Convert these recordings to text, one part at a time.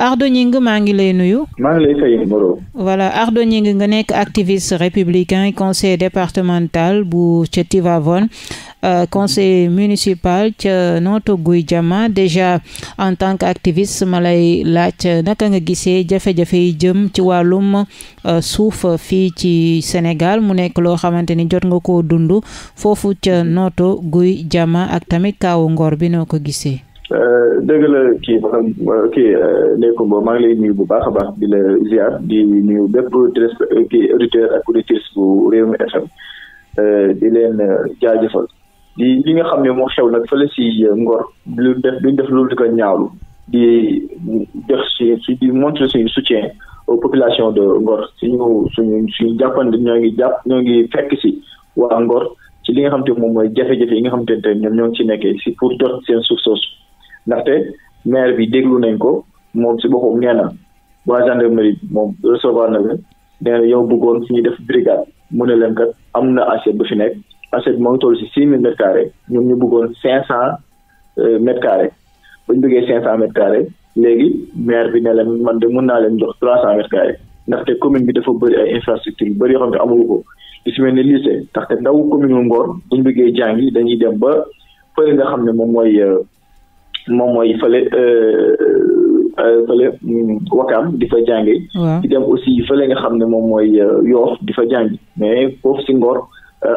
Ardo Gningue maa ngi lay nuyu. maa ngi lay fay nga nekk activiste républicain conseil départemental bu ca Tivaouane euh, conseil municipal ca nooto guy Diama déjà en tant que activiste ma lay laaj naka nga gisee jafe-jafe yi jëm ci wàllum euh, suuf fii ci Sénégal mu nekk loo xamante ni jot nga ko dund foofu ca nooto guy Diama ak tamit kaawu Ngor bi noo ko gisee. Euh, dëgg la kii maanaam euh, kii euh, Ndeye maa ngi lay nuyu bu baax a baax di la ziar di nuyu bépp kii auditeur ak auditrice bu Rewmi FM di leen jaajëfal di li nga xam ne moo xew nag fële si Ngor lu def duñ def loolu di ko ñaawlu di def si di montre suñu soutien aux populations de Ngor suñu suñu suñu jàppandi ñoo ngi jàpp ñoo ngi fekk si waa Ngor ci li nga xam te moom mooy jafe-jafe yi nga xam te ne ñoom ñoo ngi ci nekkee si pour jot seen suuf soosu. ndaxte maire bi déglu nañ ko moom si boppam nee na waa gendarmerie moom recevoir na leen nee na yow bëggoon ñuy def brigade mu ne leen kat am na assiette bu fi nekk assiette bi moo ngi toll si six mille mètres carrés ñoom ñu bëggoon cinq cent euh, mètres carrés ba ñu bëggee cinq cent mètres léegi maire bi ne leen man de mën naa leen jox trois cent mètres ndaxte commune bi dafa bëri ay infrastructure yu bëri yoo xam ne amul ko li si mel ni lycée ndaxte ndaw commune Ngor bu ñu bëggee jàngi dañuy dem ba fële nga xam ne moom mooy euh, moom mooy fële euh, euh, fële mm, wakaam di fa jànge di dem aussi fële nga xam ne moom mooy euh, yoof difa fa mais foofu si Ngor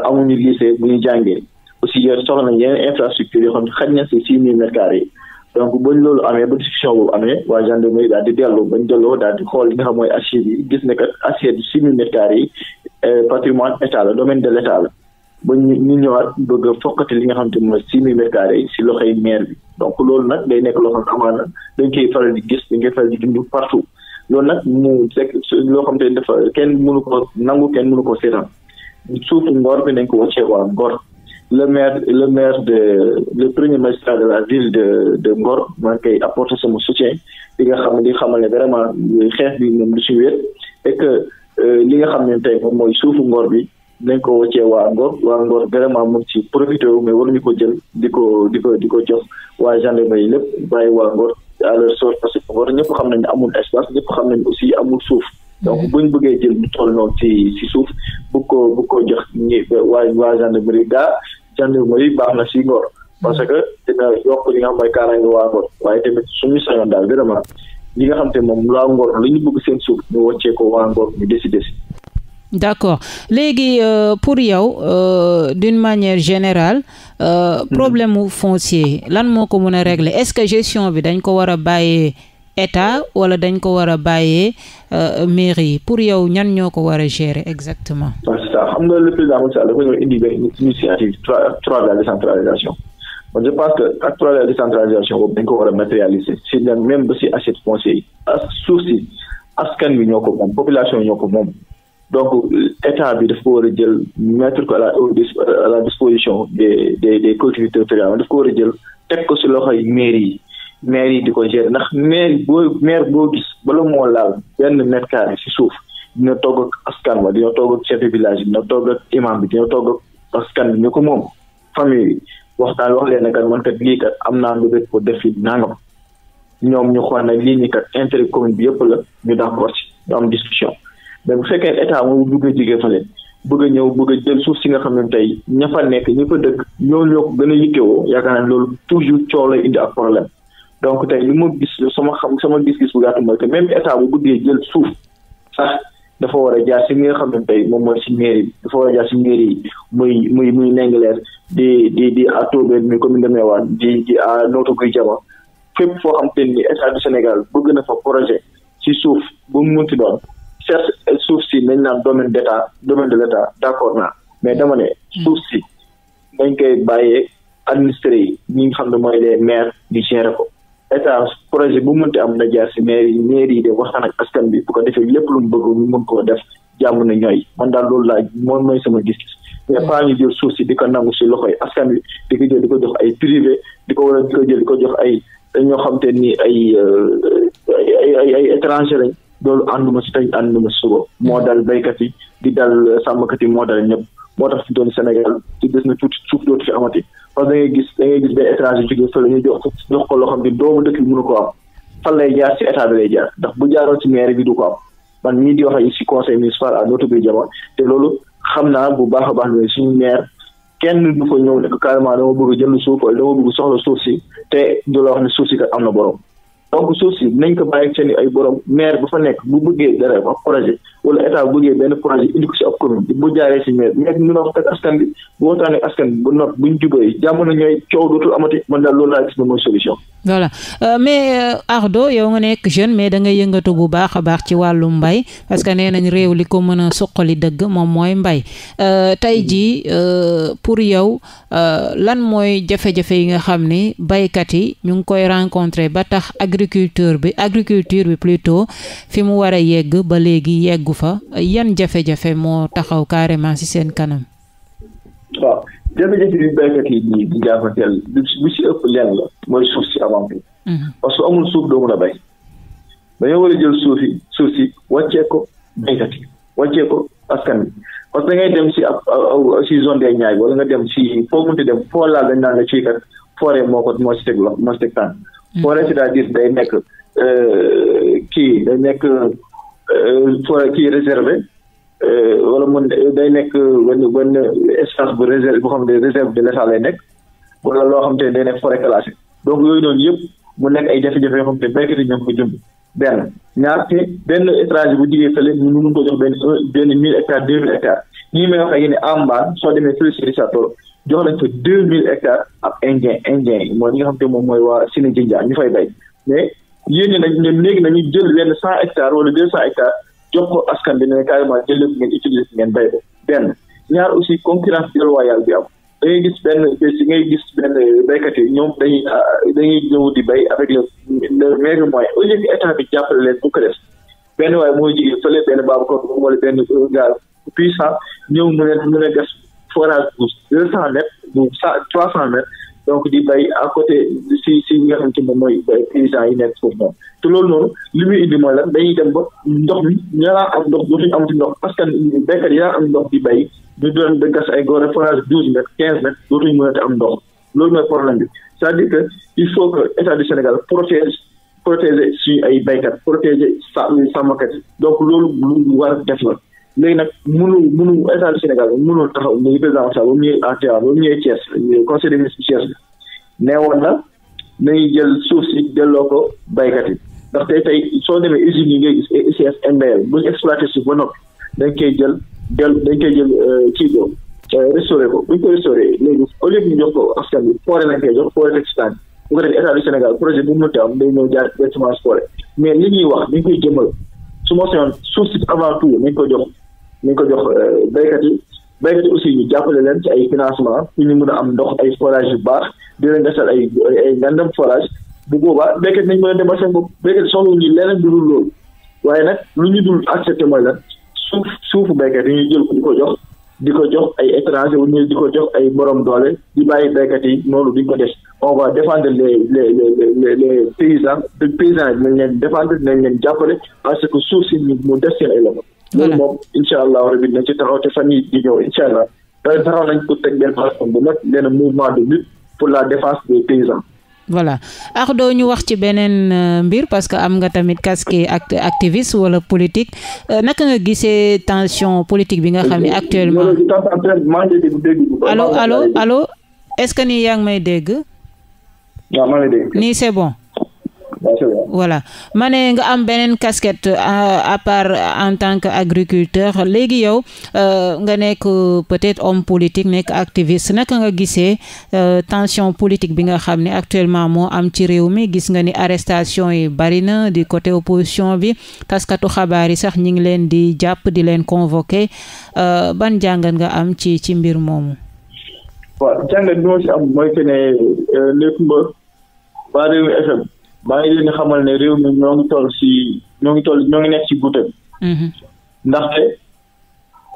amuñu lycée bu ñu jàngee aussi yor soxla nañ yeneen infrastructure yoo xam ne xaj na si six mille mètres carrés yi donc bañ loolu amee ba discussion boobu amee waa gendarmerie daal di dellu bañ delloo daal di xool li nga xam mooy assiette yi gis ne kat assiette yi six mille mètres yi patrimoine état la domaine de l' la ba ñu ñu ñëwaat bëgg a foqati li nga xam te mooy six mille mètres carrés si loxoy maire bi donc loolu nag day nekk loo xam ne amaana dañ koy faral di gis dañ koy loolu nag mu fekk loo xam te dafa kenn mënu ko nangu kenn mënu ko seetaan suufu ngor bi nañ ko wàccee waa ngor le maire le maire de le premier magistrat de la de de Ngor maa ngi koy apporter sama soutien li nga xam ne di xamal ne vraiment xeex bi moom du si wéet et euh, li nga xam ne tey moom mooy suufu Ngor bi nañ ko wàccee waa Ngor wa Ngor vraiment mu ngi ci profité wu mais waruñu ko jël di ko di ko di ko jox waa gendarmerie lépp bàyyi waa wa à leur sort parce que Ngor ñëpp xam nañ ne amul espace ñëpp xam nañ aussi amul suuf. donc mm-hmm. buñ bëggee jël ñu toll noonu ci ci suuf bu ko bu ko jox ñi waa waa gendarmerie daa gendarmerie baax na ci Ngor. parce que dina yokk li nga xam mooy kaaraange waa Ngor waaye tamit suñu sañoon daal ma ñi nga xam te moom waa Ngor lu ñu bëgg seen suuf ñu wàccee ko waa Ngor ñu décider si. d'accord léegi euh, pour yow euh, d'une manière générale euh, problème mu foncier lan moo ko mën a réglé est-ce que gestion bi dañ ko war a bàyyee état wala dañ ko war a bàyyee euh, mairie pour yow ñan ñoo ko war a gérer exactement. c'est ça xam nga le président Macky Sall indi benn initiative trois trois de la décentralisation bon je pense que ak trois de la décentralisation boobu dañ ko war a matérialiser si même ba si assiette foncier yi. suuf si askan bi ñoo ko moom population yi ñoo ko moom. donc état bi dafa ko war a jël mettre ko à la la disposition des des des collectivités territoriales dafa ko war a jël teg ko ci loxoy mairie yi maire yi di ko gérer ndax maire bo maire boo gis bala moo laal benn mètre carré si suuf dina togg ak askan wa dina togg ak chef de village dina togg ak imam bi dina togg ak askan bi ñu ko moom famille bi waxtaan wax leen ne kat man kat lii kat am naa lu bëgg ko def fi nangam ñoom ñu xool nag lii nii kat intérêt commune bi yëpp la ñu d'accord ci ñu mais bu fekkee état mooy bëgg a jige fale bëgg ñëw bëgg a jël suuf si nga xam ne tey ña fa nekk ña fa dëkk ñoo ñoo gën a yittewoo yaakaar naa loolu toujours coow lay indi ak problème donc tey li ma gis sama xam sama gis-gis bu gàtt mooy que même état bu bëggee jël suuf sax dafa war a jaar si nga xam ne tey moom mooy si mairie dafa war a jaar si mairie yi muy muy muy Ndingler di di di à Tobène mi commune de di di à Notto Gouye Diama fépp foo xam te ni état du Sénégal bëgg na fa projet si suuf bu mu munti doon certes suuf si nañ naan domaine d' état domaine de l' état d' accord naa mais dama ne suuf si dañ koy bàyyee administré yi ñi nga xam ne mooy lee maires di gérer ko état projet bu mënti am na jaar si maire yi maire yi ak askan bi bu ko defee lépp lu mu bëgg mën koo def jàmm na ñooy man daal loolu laa moom mooy sama gis-gis mais pas ñu jël suuf si di ko nangu si loxoy askan bi di ko jël di ko jox ay privé di ko war a di ko jël di jox ay ñoo xam te ni ay euh, ay ay étranger lañ loolu ànduma si tey ànduma si suba moo mm-hmm. dal béykat yi di dal euh, sàmmkat yi moo dal ñëpp moo tax fi doon Sénégal ci des na tuuti suuf dootu fi amati parce que da gis da ngay gis benn étranger jógee fële ko loo xam doomu dëkk bi mënu ko am fan lay jaar si état bi lay jaar ndax bu jaaroon si maire bi du ko am man mii di wax ak si conseil municipal à notre biir jamono te loolu xam naa bu baax a baax ne suñu maire kenn du ko ñëw ne carrément dama bëgg jënd suuf wala dama bëgg soxla suuf si te du la wax ne suuf si am na borom donc suuf si nañ ko bàyyi seen ay borom maire bu fa nekk bu bëggee dara wax projet wala état bu bëggee benn projet indi ko si ab bu jaaree si maire maire ñu wax ak askan bi bu waxtaanee askan bi bu nopp bu ñu jubee jamono ñooy coow dootul amati man daal loolu laa gis mooy solution. voilà euh, mais euh, Ardo yow nga nekk jeune mais da nga yëngatu bu baax a baax ci wàllum mbay parce que nee nañ réew li ko mën a suqali dëgg moom mooy mbay euh, tey jii euh, pour yow euh, lan mooy jafe-jafe yi nga xam ni baykat yi ñu ngi koy rencontrer ba tax agriculteur bi agriculture bi plutôt fi mu war a yegg dugg fa yan jafe-jafe moo taxaw carrément ci seen kanam. waaw jafe-jafe bi béykat yi di di jàppanteel bu ci ëpp lenn la mooy suuf si avancé. Mhm. parce que amul suuf doo mën a béy. dañoo war a jël suuf yi suuf si wàccee ko béykat yi wàccee ko askan parce que ngay dem si ab si zone des Niayes nga dem si foo mënti dem foo dañ naan la fii kat moo ko moo si teg moo si teg tànk. Mhm. forêt c'est-à-dire day nekk euh, kii day nekk forêt euh, ki réservé euh, wala mun day nekk benn benn espace bu réserve boo xam ne réserve de l'état lay nekk wala loo xam te ne day nekk forêt classée donc yooyu noonu yëpp mu nekk ay jafe-jafe yoo xam te béykat yi ñoom ko jëm benn ñaar ko jox benn benn mille hectares deux mille hectares ñii may wax ak yéen Ambane soo demee fële si Richard-Toll jox lañ fa deux mille hectares ak indien indien mooy ñi nga xam te moom mooy waa Sénégal ñu fay bay yéene nañ ne léegi nañu jël benn cent hectares wala deux cent hectares jox askan bi ne carrément jël leen ngeen utiliser fi ngeen bay ko benn ñaar aussi concurrence déloyale bi am da gis benn si ngay yi ñoom dañuy ah, dañuy ñëw di bay avec le le meilleur état bi jàppale leen bu ko benn waaye mooy jigéen fële benn Babacar wala benn gaal puissant ñëw mu ne mu ne gas forage bu deux cent mètres bu trois cent mètres donc di bay à côté si si nga xam moom mooy paysans yi nekk foofu noonu te loolu noonu li muy indi mooy lan dañuy dem ba ndox mi ñaaraan am ndox dootuñu amati ndox parce que béykat yaa am ndox di bay ñu doon ba gas ay góor forage douze mètres quinze mètres dootuñu mënati am ndox loolu mooy problème bi c'est-à-dire que il faut que état du Sénégal protège protéger suñu ay béykat protéger sa sàmmkat donc loolu lu war def la léegi nag mënul mënul état du Sénégal mënul taxaw muy président Macky Sall ba mu ñëwee en terrain ba mu ñëwee Thiès conseil des ministres Thiès na nañuy jël suuf si delloo ko baykat yi ndax tey tey soo demee usines yi ngay gis ay ICS bu ñu exploité suuf ba noppi dañ koy jël jël dañ koy jël euh, kii ko euh, restauré ko bu ñu ko restauré léegi au lieu que jox ko askan bi foore nañ koy jox foore teg si tànk bu ko defee état du Sénégal projet bu mu mënti am day ñëw jaar directement mais li ñuy wax dañ ko jëmal su ma seyoon suuf si avant tout nañ ko jox ñu ngi ko jox euh, béykat yi béykat yi aussi jàppale leen ci ay financement pour ñu mun a am ndox ay forage yu baax di leen gasal ay ay ngandam forage bu boobaa béykat nañ mën a demal seen bopp béykat soxla ñu leneen du dul loolu waaye nag lu ñu dul accepté mooy lan suuf suufu béykat ñu jël ko di ko jox di ko jox ay étranger wu ñu di ko jox ay borom doole di bàyyi béykat yi noonu duñ ko def on va défendre les les les les paysans paysans nañ leen défendre nañ leen jàppale parce que suuf si mu def seen ay loxo loolu moom allah rabi dina ci taxaw te fan voilà ax doo ñu wax ci beneen euh, mbir parce que am nga tamit casque act activiste wala politique euh, naka nga gisee tension politique bi nga xam ne euh, actuellement allo allo allo est-ce que ni yaa ngi may dégg. waaw c'est bon. voilà ma ne nga am beneen casquette euh, à part en tant que agriculteur léegi yow euh, nga nekk euh, peut-être homme politique nekk activiste naka nga gisee tension politique bi nga xam ne actuellement moo am ci réew mi gis nga ni arrestation yi bari na du côté opposition bi taskatu xabaar yi sax ñi ngi leen di jàpp di leen convoqué ban jàngat nga am ci ci mbir moomu. jàngat bi ma am mooy que ne Ndeye Comba maa ngi leen di xamal ne réew mi ñoo ngi toll si ñoo ngi toll ñoo ngi nekk ci guute. Mm-hmm. ndaxte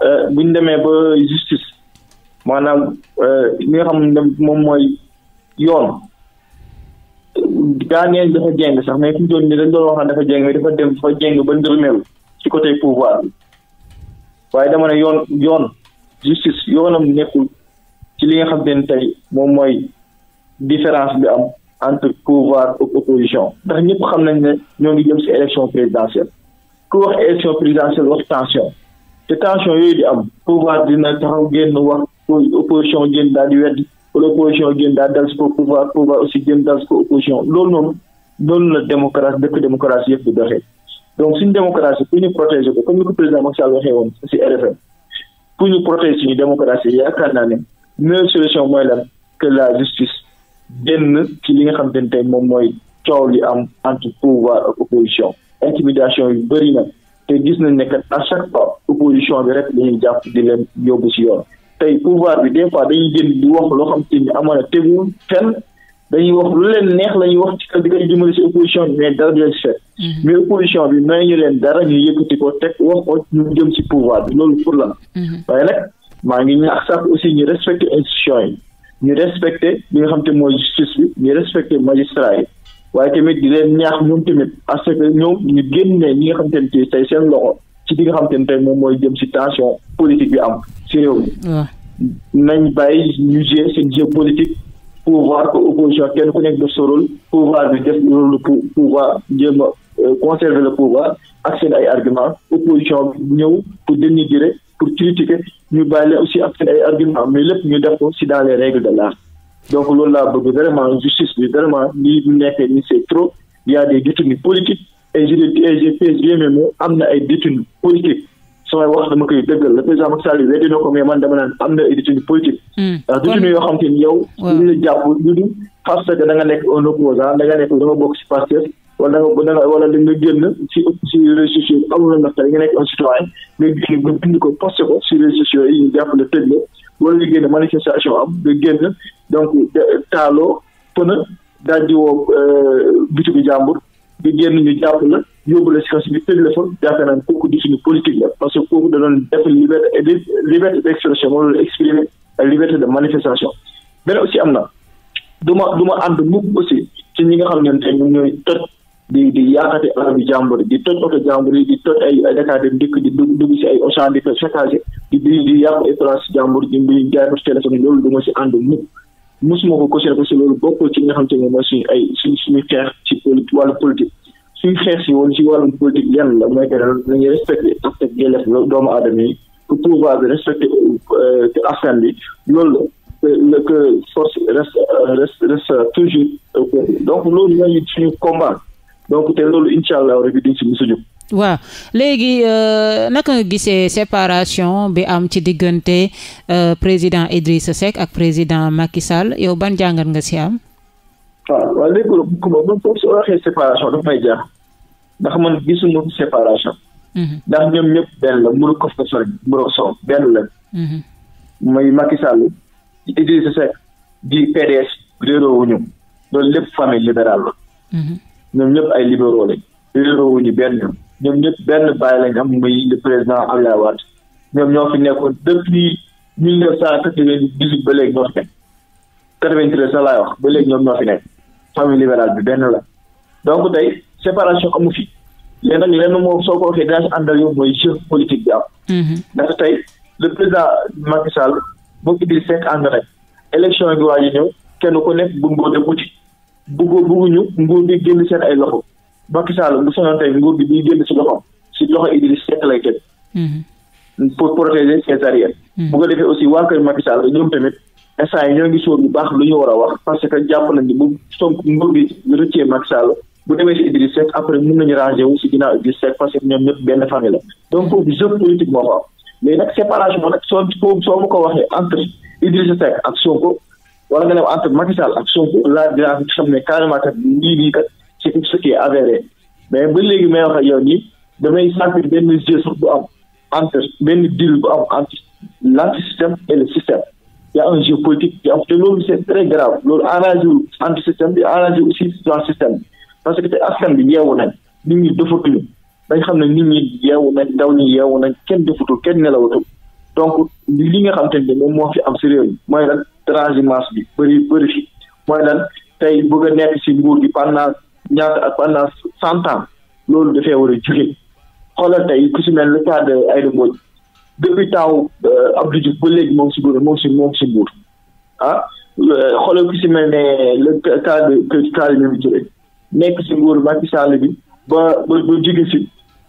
euh, bu ñu demee ba justice maanaam euh, li xam ne moom mooy yoon gaa ngeen dafa jeng sax mais fi mu nii dañ doon wax dafa jeng mais dafa dem dafa jeng ba ndërmeelu ci côté pouvoir bi waaye dama ne yoon yoon justice yoonam nekkul ci li nga xam ne tey moom mooy différence bi am. entre pouvoir ak opposition ndax ñëpp xam nañ ne ñoo ngi jëm si élection présidentielle ku wax élection présidentielle wax tension te tension yooyu di am pouvoir dina taxaw génn wax opposition génn daal di weddi wala opposition génn daal dal si ko pouvoir pouvoir aussi génn dal si ko opposition loolu noonu loolu la démocratie dëkk démocratie yëpp di doxee donc suñu démocratie pour ñu protéger ko comme ni ko président Macky Sall waxee woon si RFM pour ñu protéger suñu démocratie yaakaar naa ne meilleure solution mooy lan que la justice génn ci li nga xam te moom mooy coow li am entre pouvoir ak opposition intimidation yu bëri na te gis nañ ne kat à chaque fois opposition bi rek dañuy jàpp di leen yóbbu si yoon tey pouvoir bi des fois dañuy génn di wax loo xam te ni amoon na tegul fenn dañuy wax lu leen neex la ñuy wax ci kër di koy jëmale si opposition mais dara du leen si mm-hmm. mais opposition bi may ñu leen dara ñu ti ko te wax ko ñu jëm si pouvoir bi loolu pour la mm-hmm. waaye nag maa ngi ña sax aussi ñu respecté institution yi ñu respecté li nga xam te mooy justice bi ñu respecté magistrat yi waaye tamit di leen ñaax ñoom tamit parce que ñoom ñu génne ñi nga xam te ne tey seen loxo ci li nga xam te ne tey moom mooy jëm si tension politique bi am si réew mi. nañ bàyyi ñu jé seen jeu politique pouvoir que opposition kenn ku nekk def sa rôle pouvoir bi def rôle pouvoir jéem a euh, conserver le pouvoir ak seen ay argument opposition bi ñëw pour dénigrer pour critiquer ñu bàyyi la aussi ak seen ay argument mais lépp ñu def ko si dans les règles de l'art donc loolu laa bëgg vraiment justice bi vraiment lii ñu nekkee ni c'est trop il y a des détenus politiques et je dis am na ay détenus politiques samay wax dama koy dëggal le président Macky Sall weddi na ko man dama naan am na ay détenus politiques hmm. ndax détenus yoo xam te ni yow li nekk un opposant da nekk da bokk si wala da nga wala da nga génn ci ci réseaux sociaux yi amul na nga nekk un citoyen nga jàpp la wala nga génn manifestation am nga génn donc taaloo pëna daal di woo euh, bitigu jàmbur nga génn ñu jàpp la yóbbu la si kaso bi tëj la fa yaakaar parce que kooku da doon def liberté liberté d' expression moom la exprimer ak manifestation beneen am na du ma du ma ànd mukk aussi ci ñi nga xam ne tey ñooy toj di di yàqati alal bi jàmbur di toj oto jàmbur yi di toj ay ay Dakar dem dikk di dugg si ay Auchan di saccagé di di di yàq ay place jàmbur di mbi jaay si téléphone loolu du ma ànd mukk mosuma ko cautionné parce que loolu bokkul ci nga xam te ne mooy suñu ay suñ suñu xeex ci politique wàllu politique suñu xeex si woon si wàllum politique yan la mooy que dañuy respecté ak ak yelleef doomu aadama yi pour pouvoir bi respecté euh, askan bi loolu la que force euh, reste reste toujours donc loolu mooy suñu combat donc te loolu incha allah rek di waaw léegi euh, naka nga gisee séparation bi am ci diggante euh, président Idrissa Seck ak président Macky Sall yow ban jàngat nga si am. Ah, waaw waaw lu nag moom foofu soo waxee séparation dafa mhm. benn la mënu ko fa sori mënoo soow benn PDS réeróo wu ñu loolu lépp famille libérale la. Mhm. ñoom ñëpp ay libéraux lañ libéraux wuñu benn ñoom ñoom ñëpp benn bàyyi lañ am muy le président Abdoulaye Wade ñoom ñoo fi nekkoon depuis mille neuf cent quatre vingt ba léegi ñoo fi nekk quatre-vingt-treize sax laay wax ba ñoom ñoo fi nekk famille libérale bi benn la donc tey séparation amu fi léegi nag lenn moom soo ko waxee dinaa si àndal yow mooy jeu politique bi am mhm. ndax tey le président Macky Sall di Seck ànd élection yi ngi a ñëw kenn ku nekk buñ ko dem wuti bëggoo bëgguñu nguur gi génn seen ay loxo Macky Sall bu sonoon tey nguur gi di génn si loxoom si loxo Idriss Seck lay teg mhm. pour protéger ses arrières mhm. bu defee aussi waa kër Macky Sall ñoom tamit que jàpp nañu bu Sonko nguur gi rëccee Macky Sall bu demee si Idriss Seck après mun nañu rangé si ginnaaw Idriss Seck parce que ñoom ñëpp benn famille donc foofu jeu politique moo fa am mais nag séparation nag soo soo ma ko waxee entre Idriss Seck ak Sonko wala nga ne entre Macky Sall ak Sonko laa dinaa xam ne carrément kat lii nii kat c'est tout ce mais ba léegi may wax ak yow nii damay sentir benn jeu sax bu am entre benn deal bu am entre l'antisystème et le système y a un jeu politique bi te loolu c'est très grave loolu arrangé wu antisystème bi arrangé aussi dans système bi parce que te askan bi yeewu nañ nit ñi defatuñu dañ xam ne nit ñi yeewu nañ ndaw ñi yeewu nañ kenn defatul kenn nelawatul donc li nga xam te ne moom moo fi am si réew mi transhumance bi bëri bëri fi mooy lan tey bëgg nekk ci nguur gi pendant ñaata pendant cent ans loolu dafee war a jóge xoolal tey ku ci mel le de Aïda Mbodj depuis temps euh, Abdou Diouf ba léegi moom ci nguur moom ci moom ci nguur ah euh, xoolal ku ci mel ne le cas de cas de Mimi Touré nekk si nguur Macky Sall bi ba ba ba jóge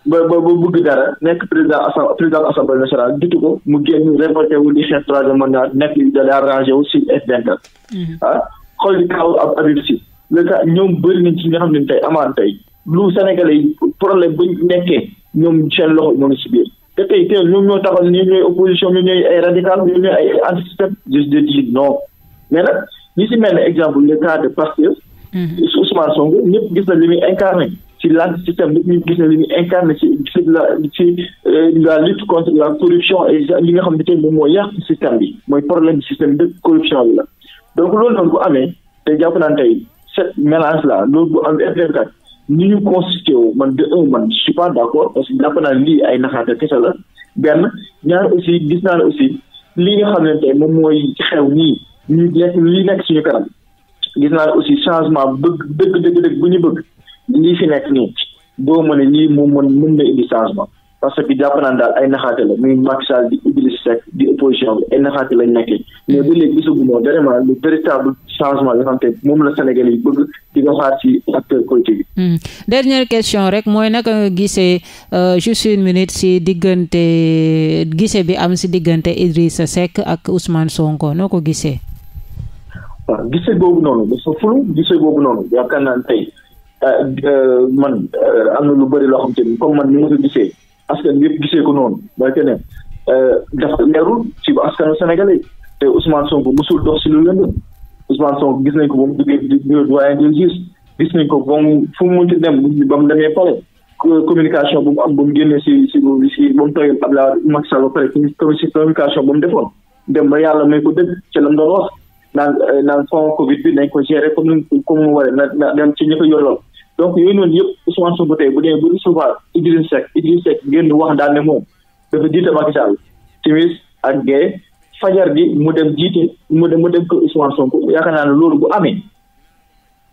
ba ba ba bëgg dara nekk président assemblée nationale jotu ko mu génn révolté wu di xeex troisième mandat nekk di dalee arrangé wu si F24. Mhm. ah xool di kaw ab Habib Sy. le cas ñoom bëri nañ ci nga xam ne tey amaan tey lu Sénégalais yi problème bu nekkee ñoom seen loxo ñoo ngi si biir. te tey tey ñoom ñoo taxal ñoom ñooy opposition ñoom ñooy ay radical ñoom ñooy ay antisystème juste de dire non mais nag ñi si mel ne exemple le cas de Pastef. Mhm. Ousmane Sonko ñëpp gis na li muy incarné. ci l'antisystème lépp ñu gis ne li ñu incarne ci la ci euh, la lutte contre la corruption et li nga xam ne tey moom mooy yàq système bi mooy problème système de corruption bi la donc loolu noonu bu amee te jàpp naan tey cette mélange là loolu bu am F24 ni ñu constitué man de un man je suis pas d'accord parce que jàpp naa lii ay naxaate kese la benn ñaar aussi gis naa ne aussi li nga xam ne tey moom mooy xew nii ñu nekk li nekk suñu kanam gis naa ne aussi changement bëgg dëgg dëgg dëgg bëgg lii fi nekk nii doo mën a lii mu mën mën na indi changement parce que jàpp naa daal ay naxaate la muy Macky Sall di Idriss Seck di opposition ay naxaate lañ nekkee mais ba léegi hmm. question rek mooy naka gisee euh, juste une minute si bi am si diggante Idriss Seck ak Ousmane Sonko noo ko gisee. waaw gisee boobu noonu dafa fulu gisee boobu noonu yaakaar naa tey. Euh, euh, man euh, am na lu bëri loo xam te ni comme man ni ma ko gisee askan yëpp gisee ko noonu mooy que ne dafa leerul ci askanu sénégalais te Ousmane Sonko musul dox si lu lëndëm Ousmane Sonko gis nañ ko ba mu duggee bureau doyen des gis nañ ko ba mu fu mu dem ba mu demee pale communication bu mu am ba mu génnee si si si ba mu tooyoon la Macky Sall ba pare communication ba mu defoon dem ba yàlla may ko dëgg ci la mu wax naan naan fond Covid bi nañ ko gérer comme comme mu waree na na dem ci ñi ko yoroon donc yooyu noonu yëpp Ousmane Sonko tey bu dee bu recevoir Idriss Seck Idriss Seck génn wax daal ne moom dafa jiite Macky Sall timis ak gée fajar gi mu dem jiite mu dem mu dem ko Ousmane Sonko yaakaar naa ne loolu bu amee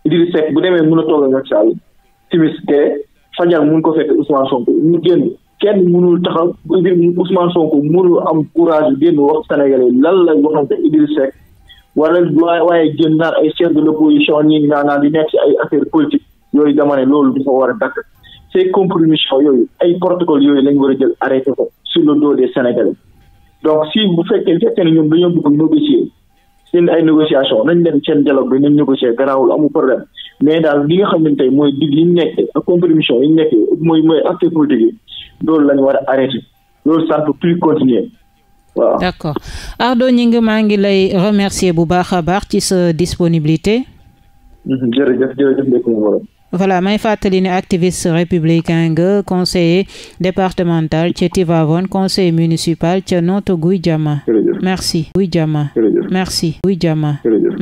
Idriss Seck bu demee mën a toog ak Macky Sall timis gée fajar mun ko fekk Ousmane Sonko ñu génn kenn mënul taxaw Ousmane Sonko mënul am courage génn wax Sénégalais lan la waxante Idriss Seck wala waaye génn naan ay chef de l'opposition nii naan naan di nekk ci ay affaire politique yooyu dama ne loolu dafa war a dakk ces compromissions yooyu ay protocole yooyu lañ war a jël arrêté ko sur le dos des Sénégalais donc si bu fekkee fekkee ne ñoom dañoo bëgg négocier seen ay négociation nañ leen seen dialogue bi nañ négocier garaawul amul problème mais daal li nga xam ne tey mooy dig yi ñu nekkee ak compromission yi nekkee mooy mooy acte politique loolu lañ war a arrêté loolu ça ne peut plus continuer waaw. d'accord Ardo Gningue maa ngi lay remercier bu baax a baax ci sa disponibilité. Mm-hmm. jërëjëf jërëjëf voilà may fàttali ne activiste républicain nga conseiller départemental ca Tivaouane conseil municipal ca Notto Gouye Diama merci Gouye Diama merci Gouye Diama